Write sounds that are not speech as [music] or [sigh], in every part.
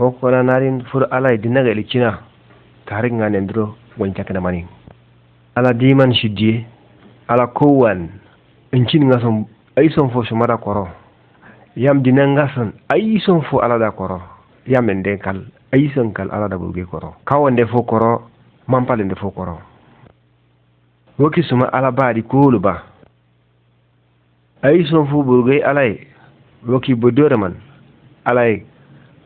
kokkona narin fur alay dinaga tarin tarik nendro duro goncakina mani ala diman siddiye ala kowan incin son ayison fo somada koro yam dina ngason ayison fo da koro yam den kal ayison kal da burge koro kawonde fo koro mampalende fo koro woki suma ala di kulu ba ayison fo bulge alai woki bodore man alay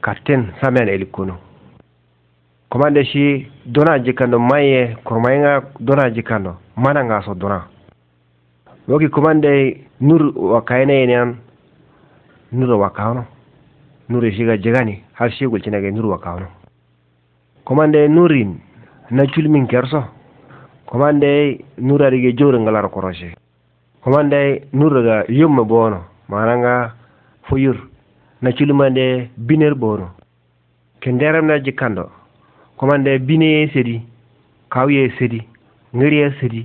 kapten samen elikuno komande si dona jikando maye kormayenga dona jikando mana ngaso dona woki komande nur wakayene enan nur wakawno nur siga jegani har sigol cinage nur wakawno komande nurin na culmin kerso komande nur arige jore ngalar koroshe. komande nur ga yomme bono mananga fuyur. na culumande biner boru ke nderemna jikkando komande bineye sedi kawye sedi ngiriye sedi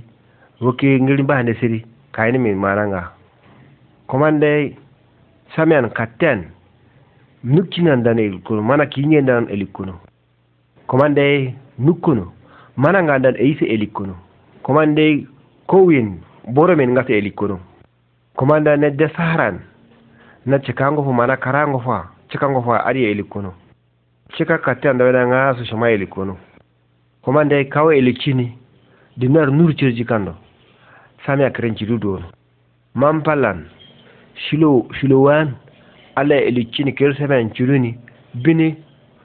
woki ngiri mbahande sedi kayini min mananga komande samian katten nukkinan dan elikunu mana kiñen dan elikunu komande nukkunu mananga dan eyise elikunu komande kowin boro min ngata elikunu komanda ne saharan na cikango mana karango fa cikango fa ariya ilikono cika katta da wani nga su shima ilikono kuma da kawo ilikini dinar nur cirji kando sami akirin cidu dono man palan shilo shilowan ala ilikini kiyar sami an cidu ni bini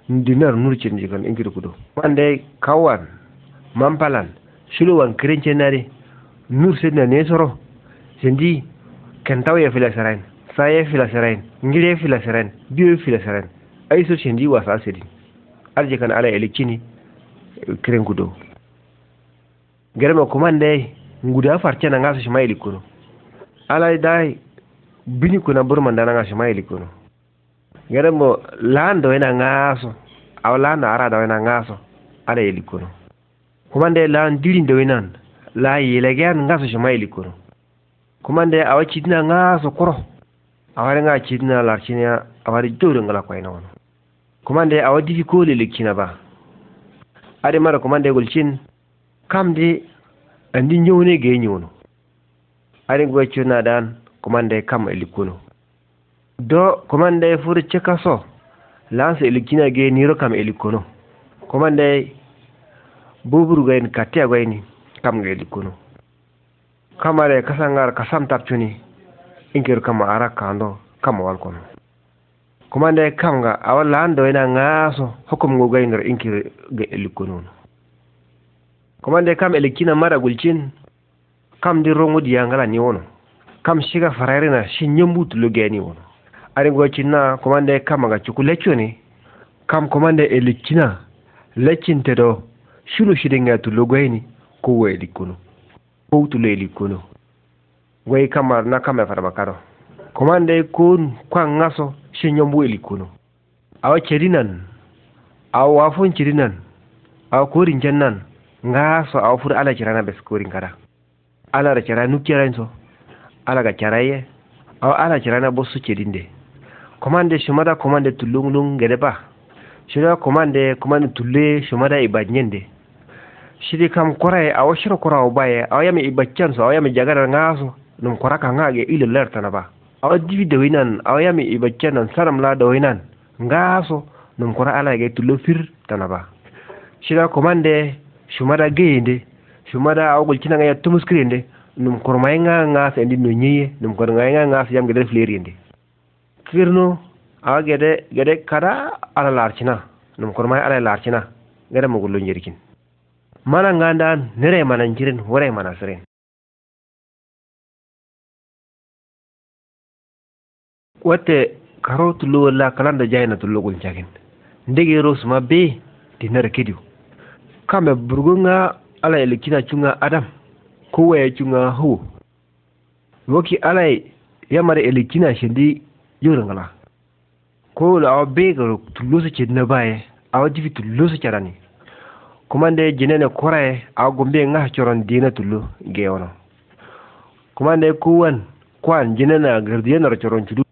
dinar nur cirji kando in kudo man da kawan man palan shilowan kirin cinari nur sedna ne soro sendi kentawa ya filasarain saye fila seren ngire fila seren biyo fila seren ay so cendi wasa arje kan ala ele kini kiren kudo gerema komande nguda farcena ngaso shima ili kuno ala dai bini kuna burma ndana ngaso shima ili kuno geremo lando ena ngaso aw lando arada ena ngaso ala ili kuno komande lan dilinde wenan la yelegean ngaso shima ili kuno komande awa cidina ngaso koro awarenga chidina larchinia awari durungala kwainono kumande awa difficole likina ba ade mara kumande gulchin kamdi andi nyone ge nyono ade chuna dan kumande kam elikuno do kumande fur chekaso lanse elikina ge niro kam elikuno kumande buburu gain katia gwaini kam ge elikuno kamare kasangar kasam tapchuni inkiru kama ara kando kama walkono kumanda ya kamga awala ando ina ngaso hukum nguga inru inkiru ge ilikununu kumanda ya kama ilikina mara gulchin kam di rongo di angala ni wono kam shiga farari na shi nyumbu tuluge ni wono aringuwa china kumanda ya kamga chukulecho ni kam kumanda ya ilikina lechin tedo shulu shidinga tuluge ni kuwa ilikunu kuwa ilikunu wei kamar na kama kame fata bakaro komande kun kwan ngaso shi shinyon bueli kuno awa cherinan awa wafun cherinan awa kurin jannan ngaso awa furu ala chirana bes kurin kara ala ra chara nukiran so ala ga charaye awa ala chirana bosu cherinde komande shumada komande tulunglung gedeba shida komande komande tulle shumada ibadnyende shidi kam koraye awa shiro korawo baye awa yame ibaccan so awa yame jagara ngaso nun kora ka nga ge ile lerta na ba awa divi de a awa yami ibacce nan saram la de winan nga so nun kora ala ge lofir ta na ba da komande shumada geende shumada awgol cina nga yattu muskirinde num kormay nga sa indi no nyiye nun kor nga nga sa yam gede flerinde kirno awa gede gede kada ala larcina num mai ala larcina gede mugullo njirkin mana ngandan nere mana njirin wore mana sirin wate karo tulo la kalanda jayna tullo gol jagin ndege rosma be dinar kediu kame burgunga ala ele kina cunga adam kowaye cunga hu woki ala yamare ele kina shendi yorangala ko la awa be garo tulo su cedina baye awa difi tulo su carani kumande jenene koraye awa gombe nga coron dina tullo gewono kumande kuwan kwan jenena gardiyanara coron chudu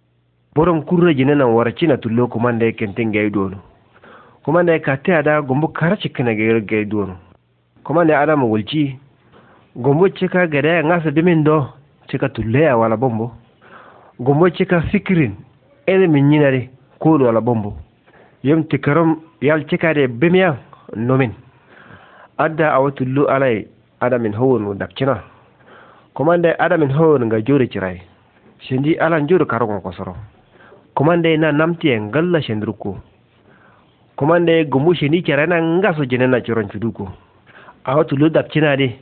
boron kurre jina nan warci na tullo kuma da yake tin gai dono kuma da yake ta da gombo karci kana gai gai dono kuma da mu wulci gombo cika gada ya ngasa dimin do cika tulle ya wala bombo gombo cika min ilimin yinare ko da wala bombo yam tikaram yal cika da bimiya nomin adda a watullu alai adamin hawon kina kuma da adamin hawon ga jori cirai ji alan jori karon kosoro komande na namti en galla shenduko komande gumushi ni kerana ngaso jinena churon chuduko awatu lu dapcinade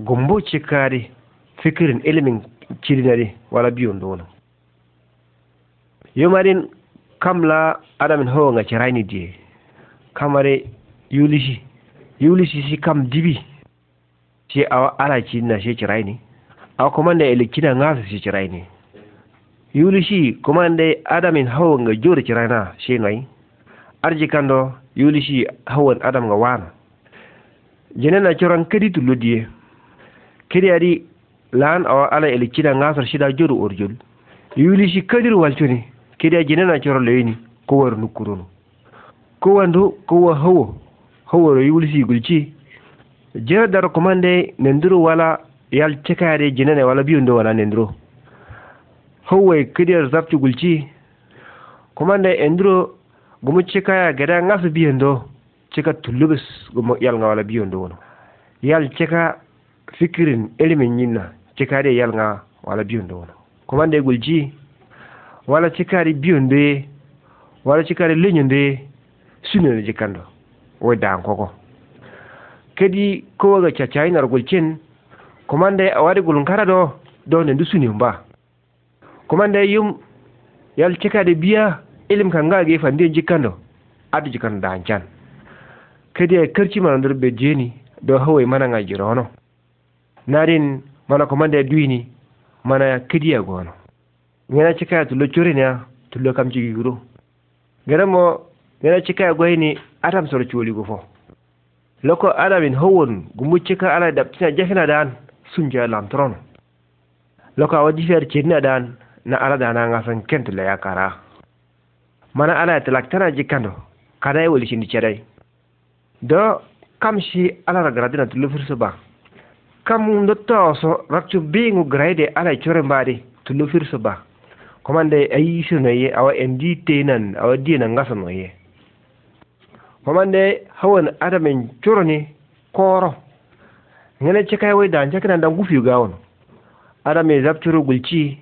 gumbu cikade fikirin ilimin di wala biyon dono yomarin kamla adamin ho nga cirani die kamare yulisi yulisi si kam dibi si awa ala cinna si cirani awa komande ele kina ngaso si cirani kuma kumande adamin hawan nga jori cirana shengai arji kando yulishi hawan adam nga wana jenena coran kadi tu lodie kadi adi lan awa ala eli cida ngasar shida joru orjol yulishi kadir walconi kadi adi jenena coran leyni ko waru nukkurono ko wandu ko wa hawo hawo yulishi gulci jera dar kumande nenduru wala yal cekade jenene wala biyundo wala nenduru. howe kidir zafi gulci kuma komanda enduro gumu ya gada ngasu biyendo cika tulubis gumu yal nga wala biyendo wano yal cika fikirin ilimin yinna cika da yal nga wala biyendo kuma komanda gulci wala chika de biyendo ye wala chika de lenyendo na sunene jikando wai dan koko kedi ga cacayinar gulcin kuma ya awari gulun kara do do nendu sunin ba kuma da yum yal cika da biya ilim kan ga ge fandi jikando ad jikando da hancan kedi karci man dur be jeni do hawai mana nga jirono narin mana kuma da duini mana kedi ya gono ngena cika to lo chorina to lo kam jigi guro garamo ngena cika goyni atam soro choli go fo loko adamin hawon gumu cika ala da pina jafina dan sunja lantron loko awadi fer cedina dan na ala na nga san kent la yakara mana ala tilak tana jikando kada e shi ni cerai do kam shi ala ra gradina tulu firso ba kam do toso raktu bingu grade ala chore mbadi tulu firso ba komande ayi suno ye awa endi tenan awa dina ngasano ye komande hawan adamin choroni koro ngene cikai wai dan cikai dan gufi gawon adame zapturu gulci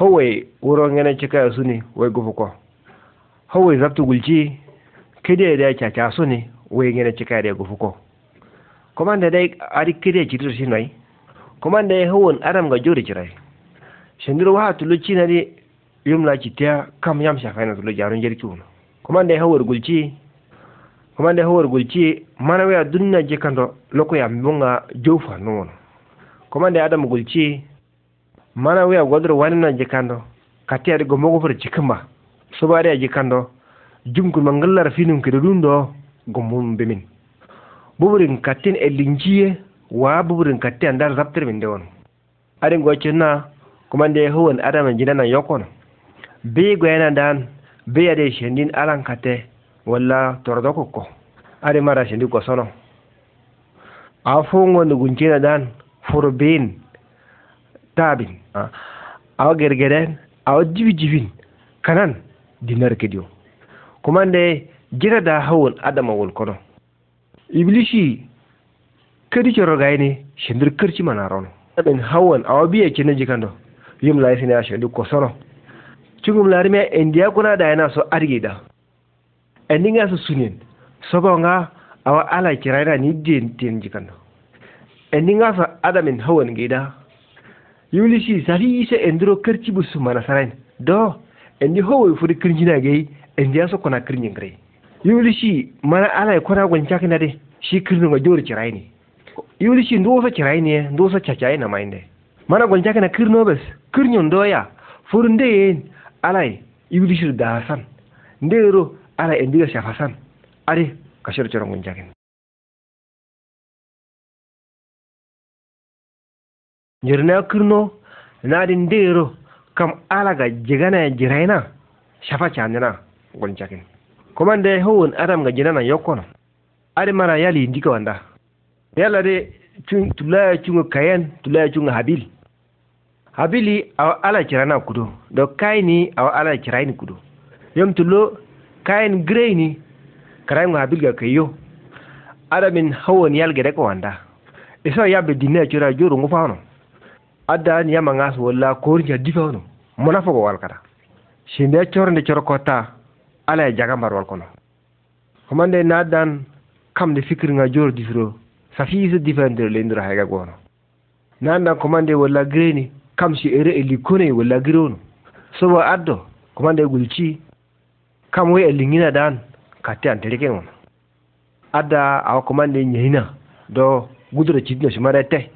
howe wuron su ne wai gufu gufuko hawai zaptu gulci kide da caca cha suni we ngana chika da gufuko da dai ari kide chitu kuma da ya hawon adam ga jori chirai shendiru wa tulu china di ci ta kam yam sha na tulu jarun kuma da ya hawar gulci kuma da ya hawar gulci mana we dunna je kando loko ya mbonga jofa kuma komanda adam gulci. mana wiya godro wanino jikando katiyade go cikin ba su ba a jikando jumkol kando? ngallara finum kede ɗum ɗo go mum be min buburin katin e linjiye wa boɓorin katte a ndar gwace na kuma da ya goccinna komande howon na jinana Bai be na dan be ade shindin alan kate wala tordokoko ko aɗe mara shindin gosono a da gonde na dan furbin a ah, awa gergeden awa jibi jibin kanan dinar Kuma kumande jira da hawan adama Ibilisi iblishi kadi rogaye ne shindir kirci mana rono ben hawon awa biye kina jikando yum la sina shodi ko sono cungum larime india kuna da yana so argida endinga so sunin sogonga awa ala na ni den ten jikando endinga adamin hawan gida yulishi sari isa endiro kerci busu mana sarain do endi howo furi kirjina gei endi aso kona kirnyin grei yulishi mana ala e kona gwancha kina de shi kirnu ga jori cirai ne yulishi ndo so cirai ne ndo so chachai na mainde mana gwancha kina kirno bes kirnyon doya furunde yen alai e yulishi da hasan ndero ala endiga shafasan are kashir ciron gwancha kina jirna kirno nadin dero kam alaga jigana jiraina shafa canina goncakin komande howon adam ga jinana yokkono ade mara yali ndika wanda yalla de tulaya cunga kayen tulaya cunga habil habili awa ala cirana kudo do kayni awa ala ciraini kudo yom tullo kayen karai karayingo habil ga kayo adamin howon yalgede ko wanda iso yabbe dinne cura joru ngufano adda an yama ngas walla korinya difawno munafogo wal kata si nde cornde kota ala e jagambar wal kono homande na kam addan kamde fikirnga joro disro safi so difandiro leyndiro hayga goono na andan komande walla greni kam si ere e likkonoyi e walla girowno sobo addo komande gulci kam woy e liŋina dan katte an terike on adda awa komande ñehina do gudoro cidino si mara e te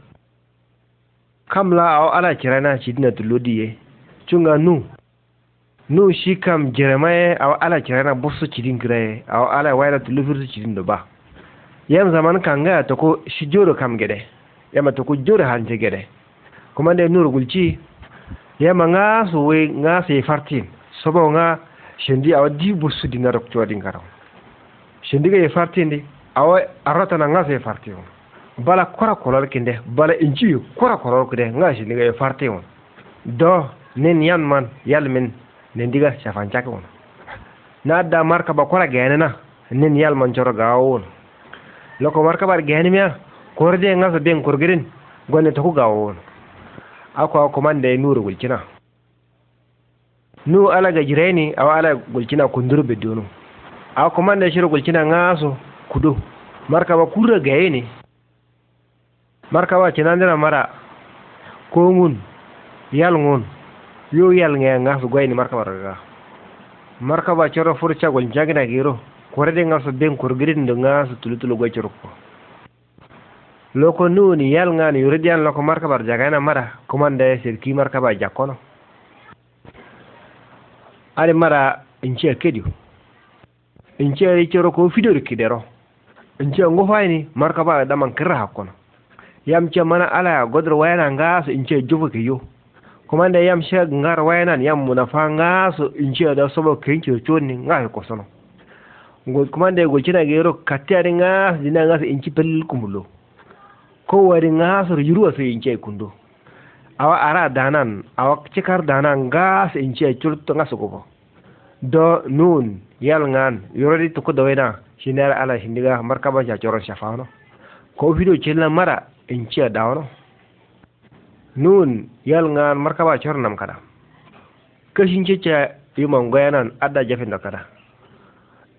kam la aw ala kirana dina tulodi ye chunga nu nu shi kam jirema ye aw ala kirana busu chidin kira ye aw ala waira tulufirsu chidin do ba yam zaman kanga to ko shi joro kam gede to ko joro hanje gede kuma de nur gulci yam nga so we nga se fartin sobo nga shindi aw di busu dina ko wadin karaw shendi ga ye fartin di aw arata na nga se fartin bala kora kolor kinde bala inji kora kolor kide nga shi liga e farte won do nin yan man yal min nin diga shafan chaka won na da marka ba kora gane na nin yal man choro gawo won loko marka bar gane miya korde nga so ben kurgirin gonne to ku gawo won akwa komanda e nuru gulkina nu ala ga jireni awa ala gulkina kundurbe donu a komanda shiru gulkina ngaso kudo marka ba kurra gaye ne markaba cinandina mara kongun yal ngun yu yal nge nga su gwaini markaba raga markaba choro furcha gwa njagina giro kore de nga su den kurgirin do nga su tulutulu gwa churupo loko nuni yal nga ni yuridian loko markaba jagaina mara kumanda ya sirki markaba jakono ari mara inchi akediu inchi ari choro kufidori kidero inchi ngufaini markaba daman kira hakono ce mana ala ya godar wayana ngaso jufa ke kiyo kuma da yamche ngar wayana yam munafa ngaso inche da sobo ni ga ya kosono ngod kuma da go china gero katari su dina ngas inchi pel kumulo ko wari ngaso su so inche kundo awa ara danan awa cikar danan ngas inche churto su gobo do nun yal ngan yorodi na. wena shinara ala hindiga markaba ja choro shafano ko video chilla mara en ciya dawno nun yal ngan markaba chornam kada kashin cecha iman goyanan adda jafin da kada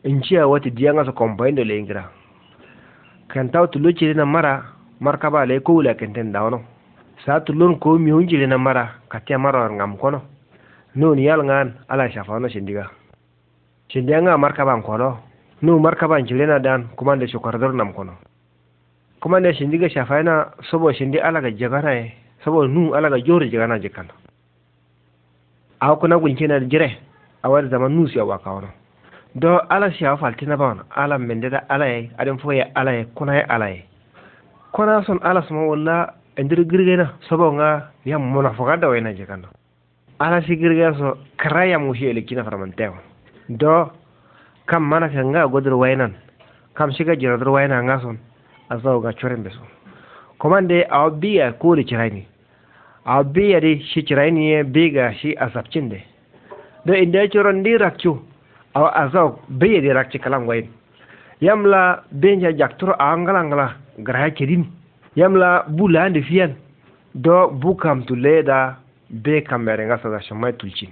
in ciya wata diyanga so kompain da lengira kan taw wata lokaci na mara markaba lai ko wula kenten dawno sa ta lun ko mi hunji na mara ta mara ngam kono nun yal ngan ala shafano shindiga shindiga markaba kono nu markaba jilena dan kuma da dur nam kono Kuma ne ga shafa shafaina sabo shindi alaga jaganaye sabo nu alaga jori jagana jikana aw kuna na jire wani zaman nu si awa wani. do ala si awa na bawana ala ala ya ala aden foye ya ala alaye Kuna son ala sama walla girge na? sabo nga ya yam da dawayna jikana ala si girge so kara yamushi elekina faramantewa do kam mana ka nga godir wainan kam shiga jirador wainan nga son azaw ga su kuma komande awa biya da kirani awa biya di shi kirani ya biga shi asabcinde da inda coron di rakyo awa azaw biya da rakci kalan wayin yamla benja jaktur awa ngala ngala garaha kedini yamla da fiyan do bukam kamtu leda be kambere nga da shamai tulcin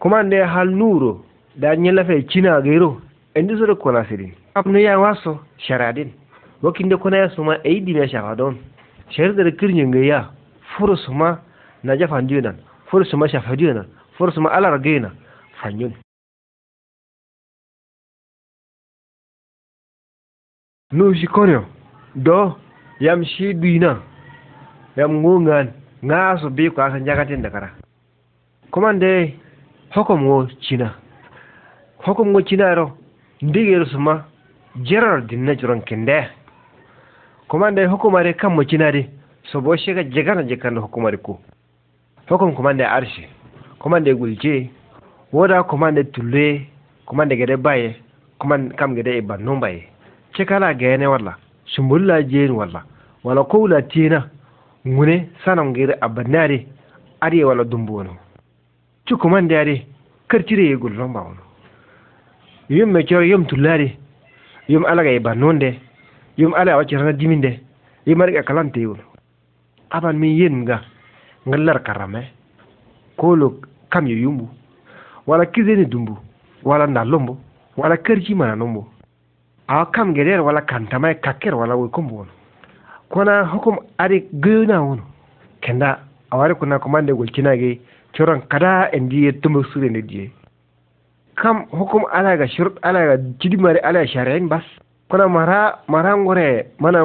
komande hal nuro da fe cina gero endi kona sirin abnu ya waso sharadin wakin da kuna ya suma yi me shafa don shahar da kirnyin yanga ya furu suma na jafan dinan furu suma shafa dinan furu suma ala ragayina fanyun nu shi konyo do yam shi duina yam ngungan ngasu bi ko asan jakatin da kara kuma dai hukum wo china hukum wo china ro ndigir suma jerar dinna juran kende Kuma kumanda hukumare kammo cinadi so bo shega jegana jekkando hukumare ko hokom kumande kuma kumande gulje woda kumande tulle da gede baye kuma kam gede e banno baye ga gayene walla sumbulla jeeni walla walla kowla tina ngune sanam gere abanne ade ariye wala dumbu wono cukkumande ade kartire yegol gulron wono yum me coro yom tulle ade yum alaga e bannonde yum ala wa kirana diminde yimar ka kalante yun aban mi yin ga ngalar karame kolo kam yo yumbu wala kizeni dumbu wala ndalombo wala kerji mana nombo a kam geder wala kantamai kaker wala wo kombo wono kona hukum ari goyona won kenda awari kuna komande kinage choran kada en diye tumbo sure ne diye kam hukum ala ga shurut ala ga cidimari ala sharain bas Kuna mara mara ngore mana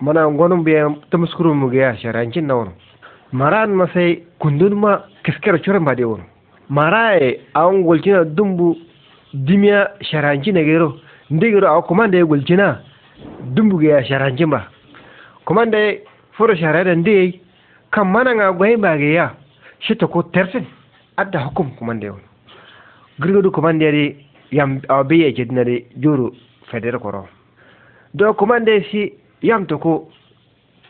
mana gonumbiye tamaskurumugeya sharancinna wono maran ma kundunma keskero ba mbadi wono maraye awon golcina dumbu dimiya sharancina gero ndigero awa komanda ye golcina dumbugeya sharancimba komanda ye foro sharada ndiyey ba mananga shi ta ko tersin adda hukum komanda ye wono gurgudu komanda yadi yam abiye beye cedinade feder koro do kumande si yamto ko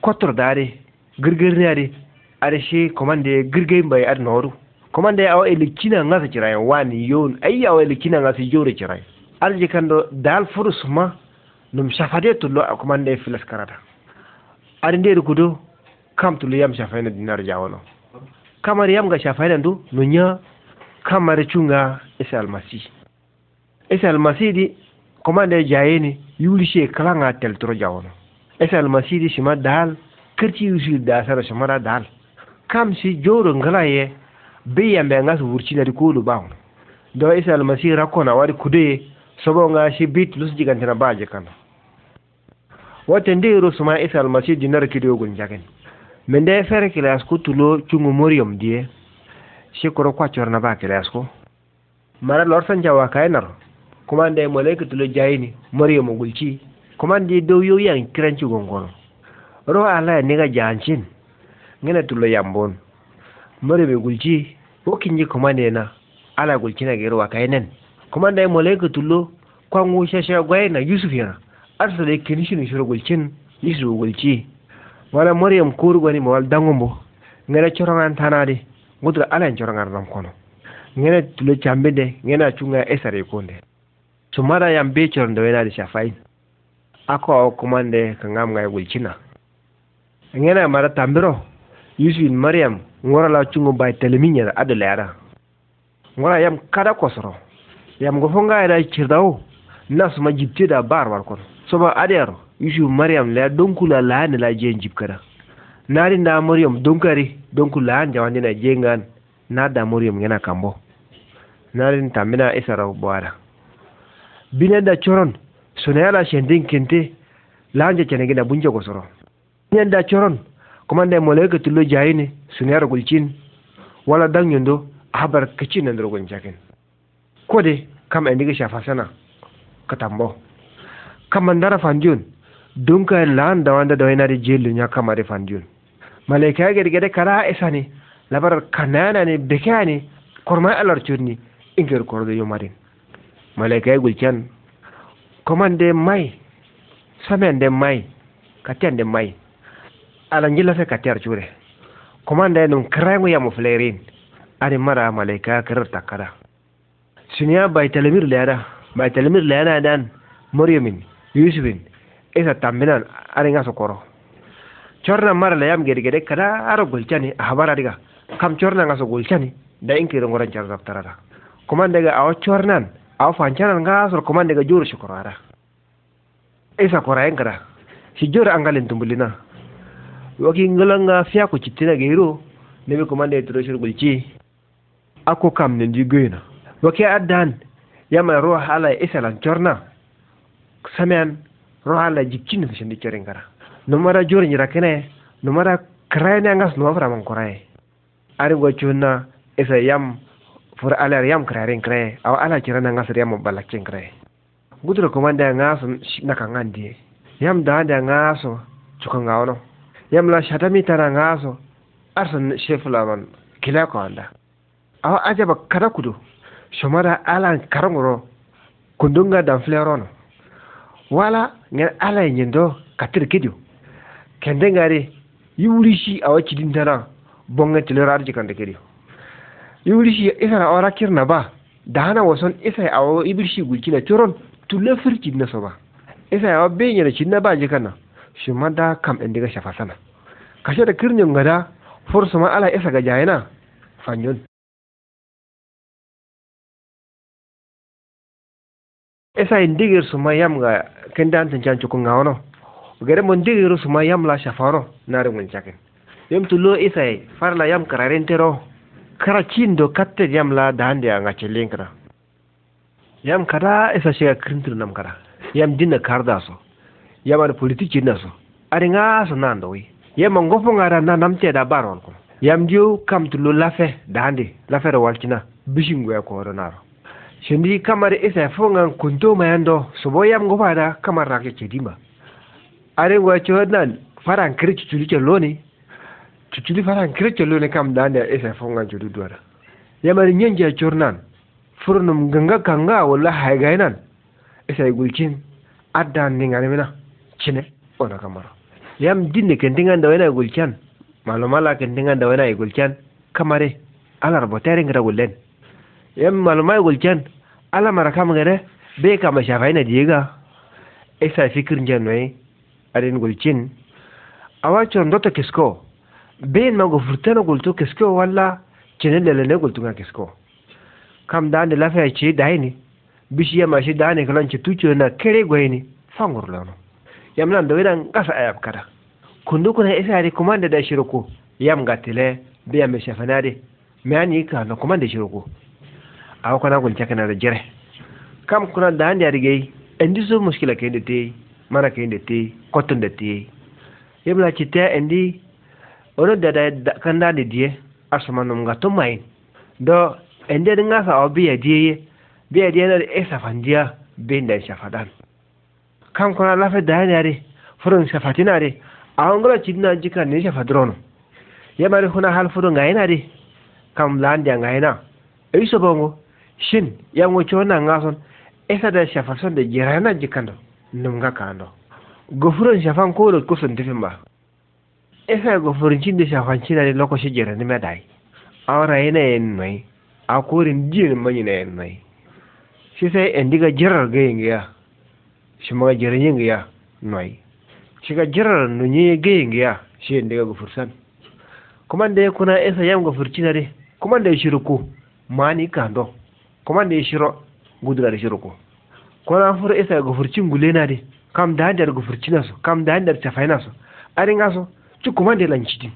kottordade girgirnade aɗa si commande girgey mbay aɗa kuma commande awa e likkina ngasa cirayen wani yon ayi awa e likkina ngasa jure cirayen arji do dal furus ma num shafade tullo a kuma e filas karata aɗa nderi ko kam tullo yam safayna dinar jawono kamar yamga safayna ndu no ña kamare cunga ese almasi ese almasi ɗi komande jayene she kalanga tel toro jawono esal masidi shima dal kirti usul sara shima dal kam si joro ngalaye yambe ngas na kolu bawno do esal masi rakkona waɗi kude sobo nga shi bit lus jigantena baje kana wotte ndeyro suma esal nar kido gun jagen Mende nde fere kilas ku tulo cungu moriyom diye kwa kwacorna ba kilas ko mara lorsan jawaka enaro kuma da tulo jayi ni murya mugulci kuma da doyo yan kiranci gongon roho ala ne ga jancin ngina tulo yambon maryamu gulci ko ji kuma ne na ala gulci na gero wa nan kuma da malaikatu lo kwango shasha gwaye na yusuf yana arsa da kinishi ne shiro gulcin yusuf gulci wala maryam kuru gani mawal dangombo ngena chorangan tanade da ala chorangan ram kono ngena tulo chambe de ngena chunga esare konde cumara yam be corondo wenadi shafai ako kumande eh, kangam ngai gulchina ngena mara tambiro yusuf maryam ngora la chungo bay teleminya adu lera ngora yam kada kosro yam go fonga ida eh, chirdawo nas ma jibti da bar war kon soba adero yusuf maryam la donkula eh, la ne la jen jibkara nari da maryam donkari donkula an jawande na jengan na da maryam ngena kambo nari tamina isara bwara binenda coron sonayala shendin lanje lanja gida bunje gosoro choron coron komanda molaika tullo jayine yara gulcin wala danyondo ahabar kacin nandoro gonjakin kode kam endiga shafa sana katambo kamandara fanjun dunka en lan dawanda dawainari jelu nya kamari fanjun malaika gergede kara esani labarar kanana ne bekani kormai alarchuni ingir kordo yomarin malaikai gulken komande mai samende mai katende mai alangila fe kater chure komande num krengu ya muflerin ani mara malaika kar takara sinya baitalemir lera baitalemir lera dan maryamin yusufin isa tambinan ari su koro chorna mara layam gedegede kada aro a habara diga kam chorna ngaso gulchani da inkirin goran char daftarara komande ga awo chornan aw fancanan nga sor commande ga jor shukurara isa korayen kada si jor angalen tumbulina waki nga fiya ko cittina gero nebe commande toro shur gulci ako kam ne ndi goyna waki addan yama roha ala isa lan corna samian roha ala jikkin fi shandi corin kada numara jor nyira kene numara krayne angas no fara man koraye ari go chunna isa yam fur ala yam kraren kre aw ala kira na ngasar yam balakin kre gudro komanda ngaso na kan kangandi yam da da ngaso chukanga ono yam la shatami tara ngaso arsan shefla man kila ko anda aw ajaba kada kudu shomara ala karangoro kundunga dan flerono wala ne ala nyindo katir kidio kende ngari yuri shi awa kidin tara bonga tilararji kan da kidio isa isara ora kirna ba da hana wason isa awo ibirshi gulkina turon tulle firki na so ba isa yawa benya da cinna ba je kana shi ma da kam ɗin daga shafa sana kashe da kirnin gada fursu ma ala isa ga jayana fanyon isa yin digir su ma yam ga kin da antan can cikin gawono gare mun digir su ma yam la shafaro na rumun cakin yam tulo isa farla yam kararen tero karacin do katte yam la dande a ngache linkra yam kada isa shiga krintur nam kada yam dinna karda so yam ar politiki na so ari nga so do wi yam ngofo ngara na te da baron ko yam diu kam lu lafe dande lafe ro walcina bishingu ya ko ronaro shendi kamar isa fonga kunto mayando so bo yam ngofa da kamar ke chedima ari ngwa chodan faran kirki tulike loni cuculi faran kira collone kam dande esa fonga jodu duwara yamari nyangia cornan furnum ganga kanga walla haygaynan esa gulcin addan ninganimina cine ona kamaro yam dinne kentingan dawena gulcan malumala kentingan dawena gulcan kamare ala rabotere ngira gullen yam maluma gulcan ala marakam ngere be kama shafaina diga esa fikir njanoy adin gulcin awa chon dota kisko ben ma go furtana wala kesko walla cinin da lalle gulto ga kesko kam da ne lafiya ce da ne bishiya ma shi da ne kalan ci tuce na kare gwai ne fangur lano yam nan da wadan kasa ayab kada kundu kuna isa ne kuma da da yam ga tele biya me shafana de me ani ka na kuma da shirko aw kana gulce kana da jire kam kuna da ne rige indi so muskila kai da te mana kai da te kotun da te yam la ci ta indi odo dada kanda di die asoma nom ga to mai do ende nga sa obi ya die ye bi ya die na e bin da shafadan kam la fe da ya re furun shafatina re a ngolo jika ne shafadrono ya mari huna hal furun ga ina re kam dia ga ina e so bongo shin ya ngo son ngason sa da shafason da na jikando num ga kando gofurun shafan ko da kusun tifin ba esa go da shafanci fancinani loko jira ni meɗay awra ina yin mai a jin jini mañina yin mai shi sai en diga jirar geyingiya simaga jere ñingiya noyi siga jirar no ñiye geyingiya shi en diga go da ya kuna esa yam go furcinari komande siruku mani kando gudura da gudurari siruku kona fur esa go furcin gulenadi kam da dar go su kam da dar cafaynaso su. cukuma de lancidi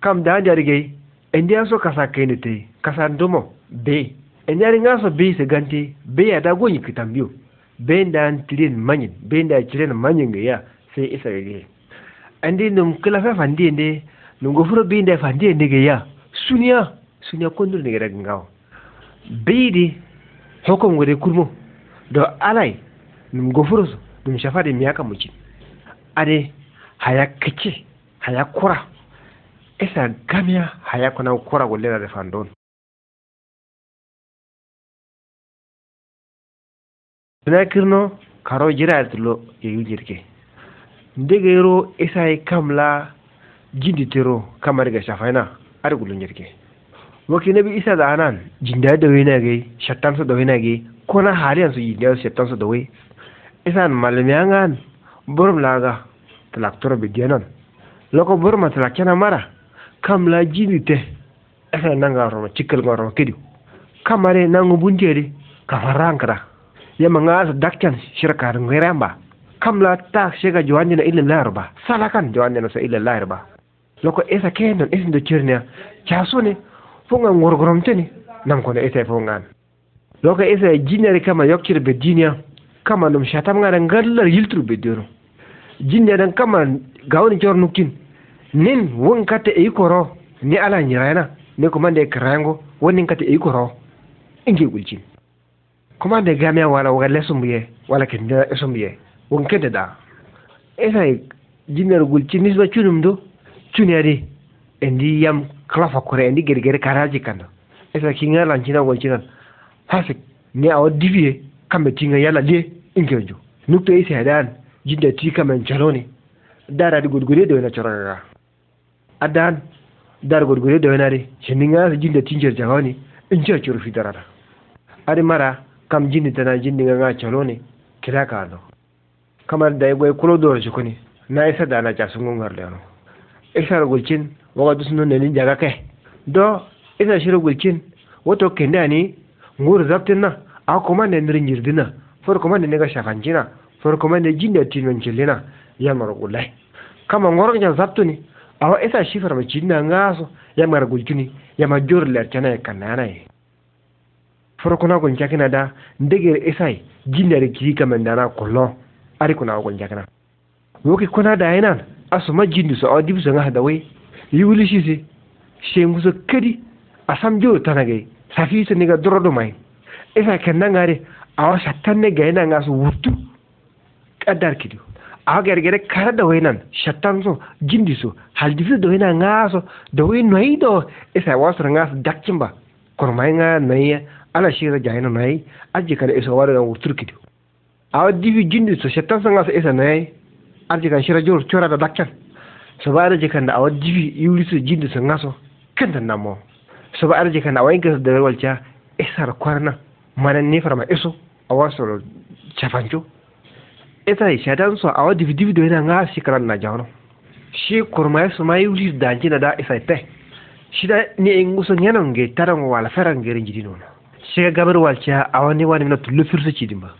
kam da jargey e ndiyan so kasa kayno kasa kasandumo be e ndiyari ngaso be se gante be ada go yikkitan biyo be ndan tirin mañin be nda ciren mañinge ya isa gei andi num kila fe fandiye nde num go furo be nda fandiye ndege ya suniya suniya kondur ndege rag ngaw di hukum gode kurmo do alay num go furo so num miyaka mucin ade haya kece haya kura isa gamya haya kuna kura gulela refandon nakirno karo jiratlo yeyu jirke ndegero isa kamla jinditero kamar ga shafaina ar gulun jirke waki nabi isa da anan jinda da wena ge shattan so da wena ge kona haliyan su jinda shattan so da we isan malmiyangan burum laga traktor bidiyanan loko bor matla kena mara kam la jini te esa [clears throat] nanga roma cikkel nga roma kedi kamare nangu bunjeri ka farankra yema ngas dakkan shirkar ngiramba kam la ta shega jowanjina illa ba salakan jowanjina so illa larba loko esa kenon esa do cirnia casone fo ngan worgoromteni nam kono esa e fungan. ngan loko esa e jinere kama yokkir be jini kama dum shatam ngara ngallar yiltru be dino jini dan kama gawni jornukin nin won kata e koro ni ala nyirana ni komande krango wonin kata e koro inge gulcin komande gamiya wala waga lesumbiye wala kenda esumbiye won kede da esa jinnar gulcin nisba chunum do chunyari endi yam klafa kore endi gergere karaji kanda esa kinga lanchina gulcinan hasik ni awa divie kambe tinga yala inge jo nukto isi hadan jinda ti kamen charoni dara di gudgure do na charanga adan dar gurgure da wenare shinin ya jin da tinjer ne in ci ci rufi darara ari mara kam jini tana jini ga calo ne kira ka ado kamar da yagwai kulo da shi kuni na isa da na ja sun gungar da no isa gulcin waga dusun ne ni jaga kai do isa shiru gulcin wato kenda ne ngur zaptin na a kuma ne nirin jirdina far kuma ne ga shakanjina far kuma ne jini da jinda Ya yamar gulai kama ngoro ja ne awa esa me ma en ngaso ya me gulkini ya ma jor ler cana de canana. ye con kuna en chacana da ndege esa ye jinna re kiri kama ndana kolon ari kuna gon woki kuna da yana aso ma jindu so odibu so ngaha da we yuli shise shengu so kedi asam joro tanage safi so niga dorodo mai esa kenna ngare awa satanne gaina wutu, wurtu kadar A kare da awa gergere kara dawayinan shattanso jindiso haldisi dawayina ŋaaso dawayi noyi do isa wasoro ŋaaso dakcimba kormayi ŋa noyiya ala shira jayino noyi aji kana iso wari ŋa wurturkidi awa difi jindiso shattanso ŋaaso isa noyayi arji kan shira jor corada dakcan soba arji kan da awa difi iwliso jindiso ŋaso kenda namo soba arji kan da awa ingaso dawayir walca isar kwarna manan ni ma iso a wasu cafanco ita e, shadan so awa dividi do ina nga karan na jawon shi kurma su mai wuli da jina da isa e ta shi da ni enguso nyano nge taran wala faran garin jidi nono shi ga gabar walcha awa wani wani na tullu firsu ci dimba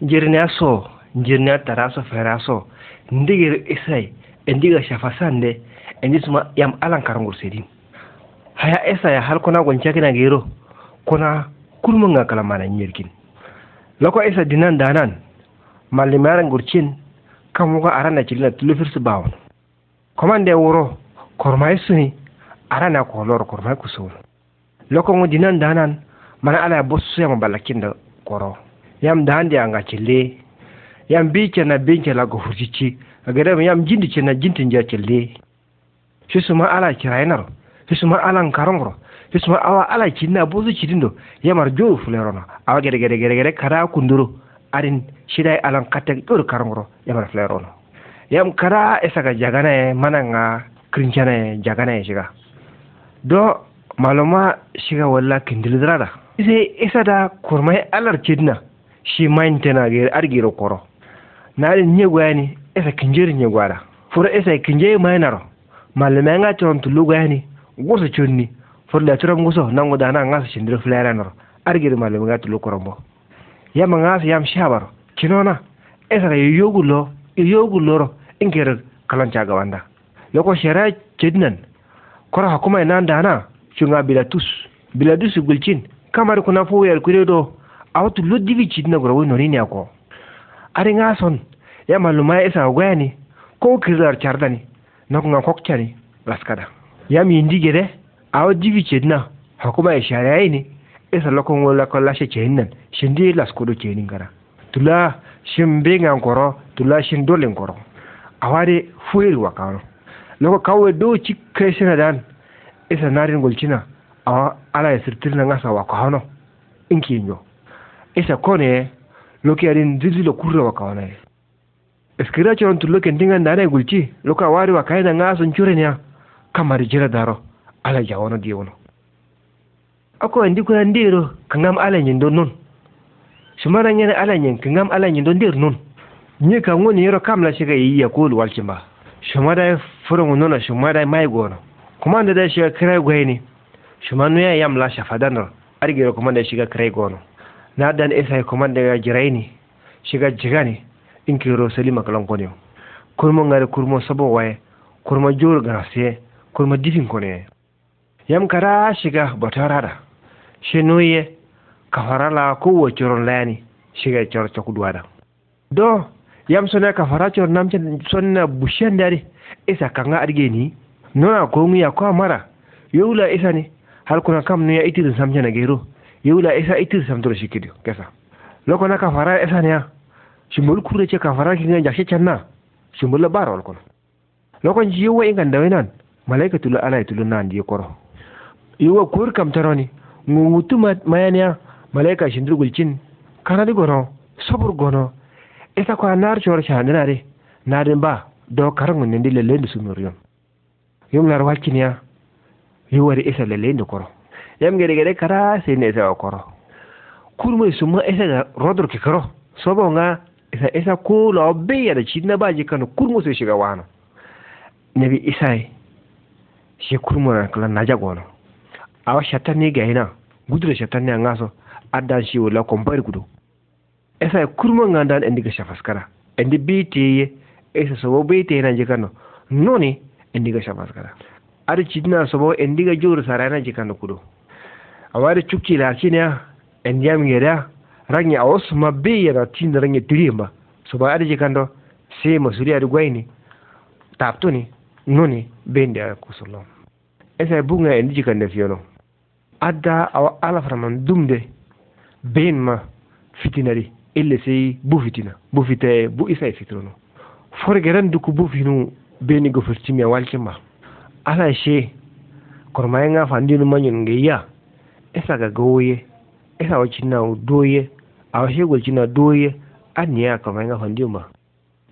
jirna so jirna taraso feraso ndigir isai e endiga shafasande endi suma yam alan karangur sedin haya isa ya hal kona goncha kina gero kona kulmun nga kala mana nyirkin loko isa dinan danan malimara ngurcin kan wuka arana cilina tulifir su bawon komande wuro kormai suni arana ko lor kormai kusul lako ngu dinan danan mana ala bossu yam balakin da koro yam ya ga cille yam bice na bince la go hurjici agada yam jindi ce na jintin ja cille shi ma ala kirainar shi suma alan karongro fisma awa ala kinna bozu kidindo yamar jo fulerona awa gere gere gere gere kara kunduro arin shidai alan katen dur karngoro yamar flerona yam kada esaga jagana e mananga krinchana e jagana e shiga do maloma shiga walla kindildrada ise isada kurmai alar kidna shi maintena gere argiro koro narin nyegwani esa kinjeri nyegwara fura esa kinjeri mainaro malama nga tontu lugani gosa chonni furla turam guso nangu dana ngas shindir nor argir malum gat lu korombo yam ngas yam shabar kinona esara yogulo yoguloro inger kalancha gawanda loko shara chidnan kora hakuma ina dana chunga bila tus bila dus gulchin kamar kuna fo yar kuredo awtu luddivi chidna gora woni ni ako ari ngason ya maluma esa gwani ko kizar chardani nakunga kokchani laskada. yam indi awjibi na hakuma ya yi ne isa lokon wani kon lashe kenan yi las ke kenin gara tula shin benga nkoro tula shi dole nkoro wa fuil wakano kawai doci kai shi na dan isa narin golcina awa ala ya sirtirna ngasa wakano inkinyo isa kone loke arin da kurra wakano eskira tulokin dingan da ndana gulci loka wari wakaina ngaso ncurenya kamar jira daro ala di wano. ako ndi ko ndero ka ngam ala nyi don non sumara nyene ala nyen ka ngam ala nyen don nder non nye ka ngoni yero la shiga yiya kulu walchimba furo ngono na shumada mai kuma nda da shiga kirai ni. shumanu ya yam la ro kuma nda shiga kirai no na dan isa kumanda ga jiraini shiga jigani kalon ko kalankoniyo kurmo ngare kurmo sabo waye kurma jor garasiye kurma difin kone yam kara shiga botorada ka farala ko coron lani shiga cor cokudwada do yam sone kafara cor namce sonna dare isa kanga adgeni nona konguya ko mara yula isa ne har kuna kam nuya itir na gero yula isa itir samtoro shikkidio kesa ka fara isa ne niya shimbol kure ce kafara kinga jakshe canna shimbol la baro lokon lokon jiyo wa ingan dawinan malaikatu la ala nan jiyo koro iwa kur kam taroni ngutu mayania malaika shindur gulcin kanadi gono sabur gono ita kwa nar chor chandina re nadin ba do karangu nindi lelen du sumur yon yum lar wakinya yiwari isa lelen du koro yam gede gede kara sai ne isa koro kurmo suma isa ga rodur ki koro sobo nga isa isa ko la ya da chidna ba jikano kurmo sai shiga wano nabi isa shi kurmo na kala naja gono awa shatanne ga hina gudura shatanne an gaso addan shi wala kompari kudo esa kurma ngandan endi ga shafaskara endi bitiye esa sobo bitiye na jikano noni endi ga shafaskara ada cidina sobo endi ga juru sarana jikano awa awada cukki la cinya endi yam ngeda rangi awos mabbe yana tinda rangi tirimba sobo ada jikando sai masuri ada gwaini taptuni noni bende kusulom esa bunga endi jikanda fiyono ada awa ala faraman dumde bin beenma fitinari ille sey bu fitina bu fite bu isa e fitrono fitrono du ku bu finu beni go fer gofirtimi walke ma ala e she e nga fandi no manyun nge ya esa ga goye esa o china o doye awa go china doye nga fandi ma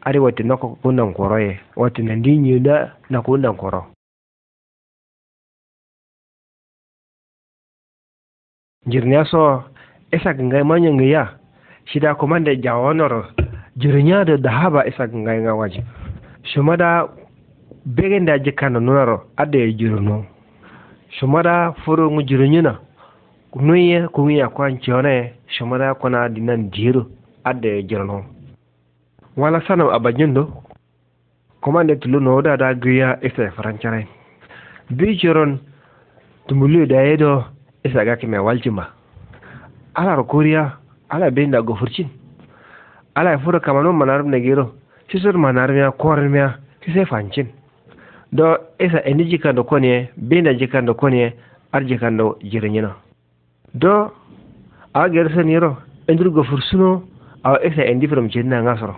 ari wati nako kunan koroye wati nandi nyuda nako kunan koroye jirnyaso isa gangai manyan shi da kuma da jawonar jirnya da haba isa gangai nga waje shuma da begen da jika na nunar ada ya jirno shuma da furu ngu jirnyuna nuye kumiya kwan wane shuma da kuna dinan jiru ada ya jirno wala sanam abajin do kuma da tulu na da da gaya isa ya farancarai bi jiron tumulu da ya isagaki mai ma ala rokoriya ala benda gofurcin ala e furo kamano manarum ne gero sisor manarumya korumya sai fancin do isa eni jikando konye benda jikando konye ar jikando jiriñino do awa gerseniro gofur suno awa isa endi firom cinna ngasoro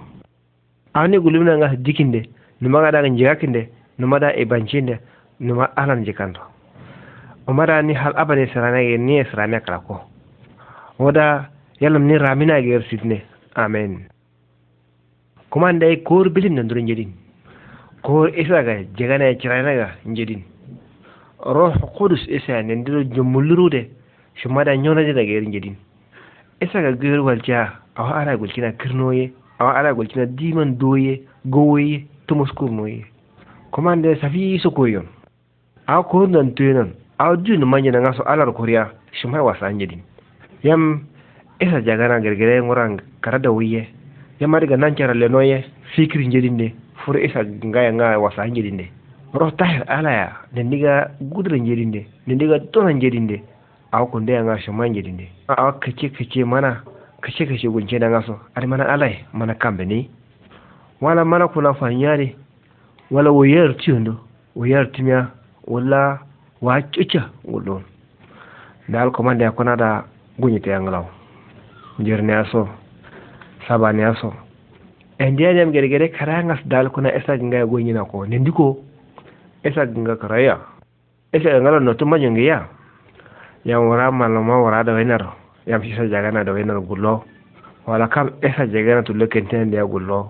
awani gulumna ngas dikinde numaga daga jigakinde numada e bancinde numa alan jikando umara ni hal abade ye ni esrame krako oda yalam ni ramina ger sidne amen kumanda e kor bilin nandur jedin kor isaga jegana ga jedin roh qudus isa nendiro da shumada nyonade daga yer jedin isaga ger walja awa ara gulkina kirnoye awa ara gulkina diman doye gowoye tumuskurnoye kumanda safi sokoyon awa kor nan tuyenan aw dun manye na ngaso alar korea shimai wasan yedin yam isa na gergere ngorang karada wiye yam ariga nanchara lenoye fikri jedin de fur isa ngaya ngaya wasan jedin de roh tahir ala ne niga gudre jedin de ne ndiga tona jedin de aw ko ndeya nga shimai jedin de aw kace kace mana kace kace gunje na ngaso ari mana alai mana kambe ni wala mana kula fanyare wala woyar tiyondo woyar timya wala waa cucca goɗɗum dal ko mande ko naɗa guñite e nglaw jirne aso sabane aso e ndeñam gere gede karagas dal kono esage nga goñina ko nde ndiko esage ginga karaya esage ngala no ya ngiya yam wora da wainar ya fi sisa jagana da wainar gullo wala kam esa jagana tullo kentene ndeya gullo